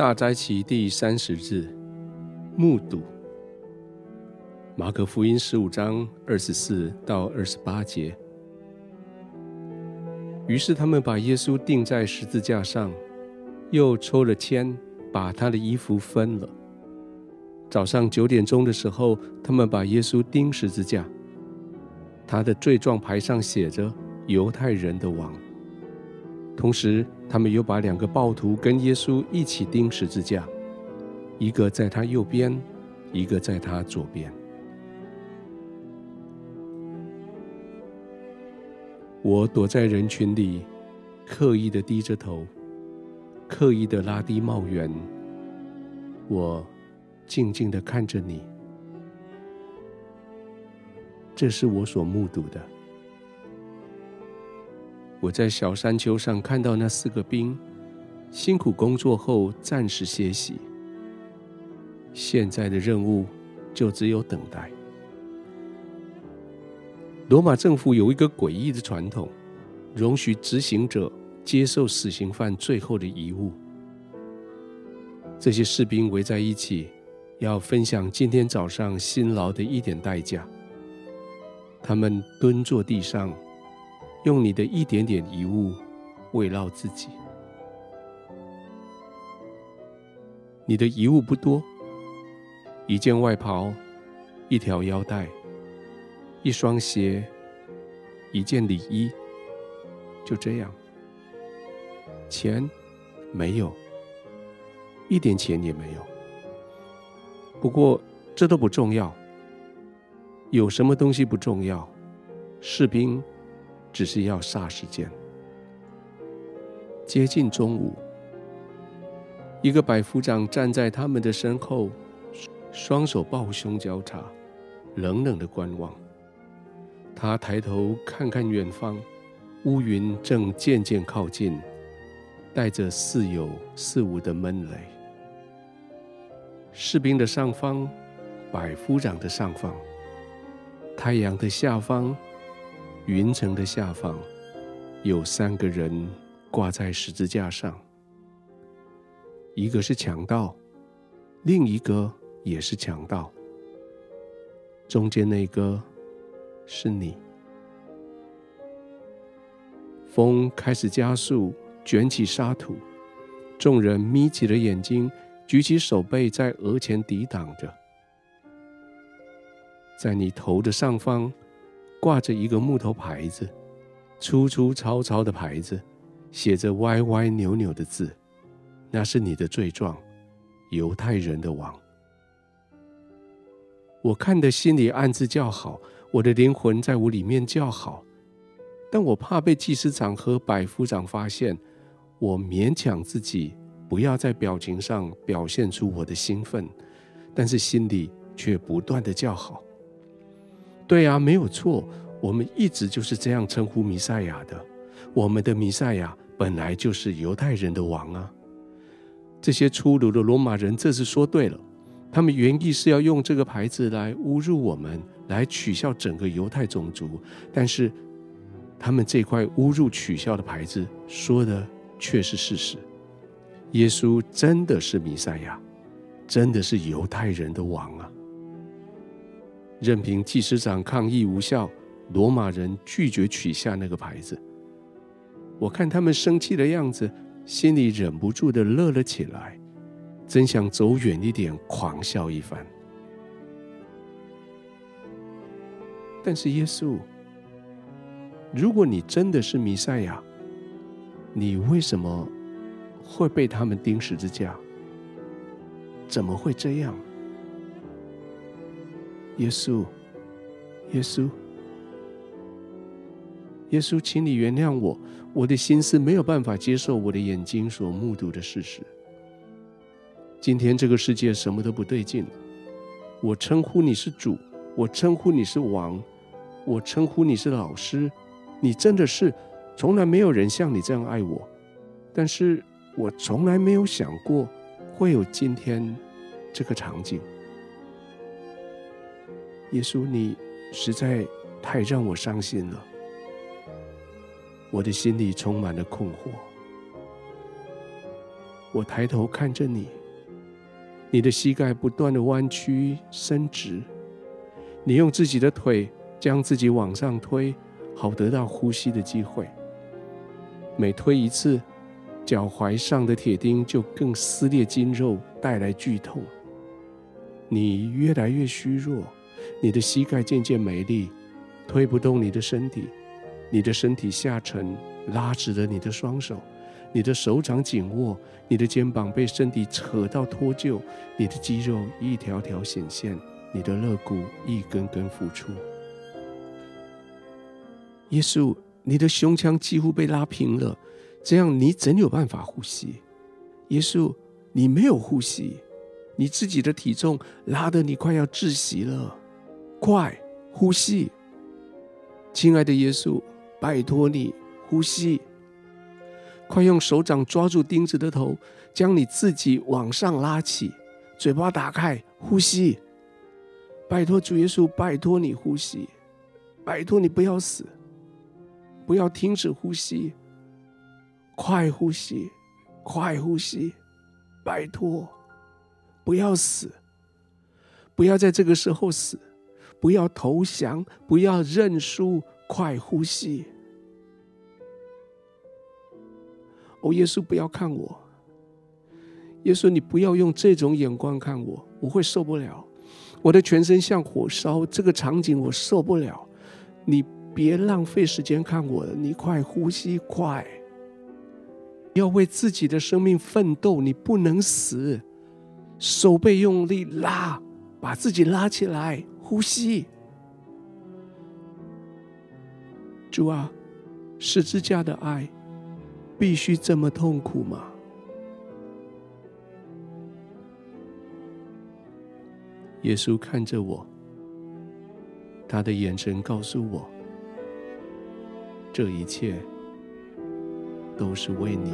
大齋期第三十日，目睹。馬可福音十五章二十四到二十八節。於是他們把耶穌釘在十字架上，又抽了籤，把他的衣服分了。早上九點鐘的時候，他們把耶穌釘十字架，他的罪狀牌上寫着“猶太人的王”，同時。他們又把兩個暴徒跟耶穌一起釘十字架，一個在他右邊，一個在他左邊。我躲在人群裡，刻意的低着頭，刻意的拉低帽緣。我靜靜的看着你。這是我所目睹的。我在小山丘上看到那四個兵辛苦工作後暫時歇息。現在的任務就只有等待。羅馬政府有一個詭異的傳統，容許執刑者接收死刑犯最後的遺物。這些士兵圍在一起，要分享今天早上辛勞的一點代價。他們蹲坐地上。用你的一點點遺物慰勞自己。你的遺物不多，一件外袍，一條腰帶，一雙鞋，一件裡衣，就這樣。錢，沒有，一點錢也沒有。不過這都不重要，有什麼東西不重要？士兵只是要殺時間，接近中午，一個百夫長站在他們的身後，雙手抱胸交叉，冷冷的觀望。他抬頭看看遠方，烏雲正漸漸靠近，帶着似有似無的悶雷。士兵的上方，百夫長的上方，太陽的下方，雲層的下方，有三個人掛在十字架上，一個是強盜，另一個也是強盜，中間那個是你。風開始加速，捲起沙土，眾人眯起了眼睛，舉起手背在額前抵擋着，在你頭的上方。掛着一個木頭牌子，粗粗糙糙的牌子，寫着歪歪扭扭的字，那是你的罪狀，猶太人的王。我看的，心裡暗自叫好，我的靈魂在我裡面叫好，但我怕被祭司長和百夫長發現，我勉強自己不要在表情上表現出我的興奮，但是心裡卻不斷的叫好。對啊，沒有錯，我們一直就是這樣稱呼彌賽亞的。我們的彌賽亞本來就是猶太人的王啊。這些粗魯的羅馬人這次說對了，他們原意是要用這個牌子來侮辱我們，來取笑整個猶太種族。但是他們這塊侮辱取笑的牌子說的卻是事實，耶穌真的是彌賽亞，真的是猶太人的王啊。任憑祭司長抗議無效，羅馬人拒絕取下那個牌子。我看他們生氣的樣子，心裡忍不住的樂了起來，真想走遠一點，狂笑一番。但是耶穌，如果你真的是彌賽亞，你為什麼會被他們釘十字架？怎麼會這樣？耶穌，耶穌，耶穌，請你原諒我，我的心思沒有辦法接受我的眼睛所目睹的事實。今天這個世界什麼都不對勁了，我稱呼你是主，我稱呼你是王，我稱呼你是老師，你真的是從來沒有人像你這樣愛我，但是我從來沒有想過會有今天這個場景。耶穌，你實在太讓我傷心了，我的心裡充滿了困惑。我抬頭看着你，你的膝蓋不斷的彎曲，伸直，你用自己的腿將自己往上推，好得到呼吸的機會。每推一次，腳踝上的鐵釘就更撕裂筋肉，帶來劇痛。你越來越虛弱。你的膝蓋漸漸沒力，推不動你的身體，你的身體下沉，拉直了你的雙手，你的手掌緊握，你的肩膀被身體扯到脫臼，你的肌肉一條條顯現，你的肋骨一根根浮出。耶穌，你的胸腔幾乎被拉平了，這樣你怎有辦法呼吸！耶穌，你沒有呼吸！你自己的體重拉得你快要窒息了。快呼吸，親愛的耶穌，拜託你呼吸。快用手掌抓住釘子的頭，將你自己往上拉起，嘴巴打開，呼吸。拜託主耶穌，拜託你呼吸，拜託你不要死，不要停止呼吸。快呼吸，快呼吸，拜託，不要死，不要在這個時候死。不要投降，不要認輸，快呼吸！哦，耶穌，不要看我，耶穌，你不要用這種眼光看我，我會受不了。我的全身像火燒，這個場景我受不了。你別浪費時間看我了，你快呼吸，快！要為自己的生命奮鬥，你不能死。手背用力拉，把自己拉起來。呼吸，主啊，十字架的愛必須這麼痛苦嗎？耶穌看着我，他的眼神告訴我，這一切都是為你。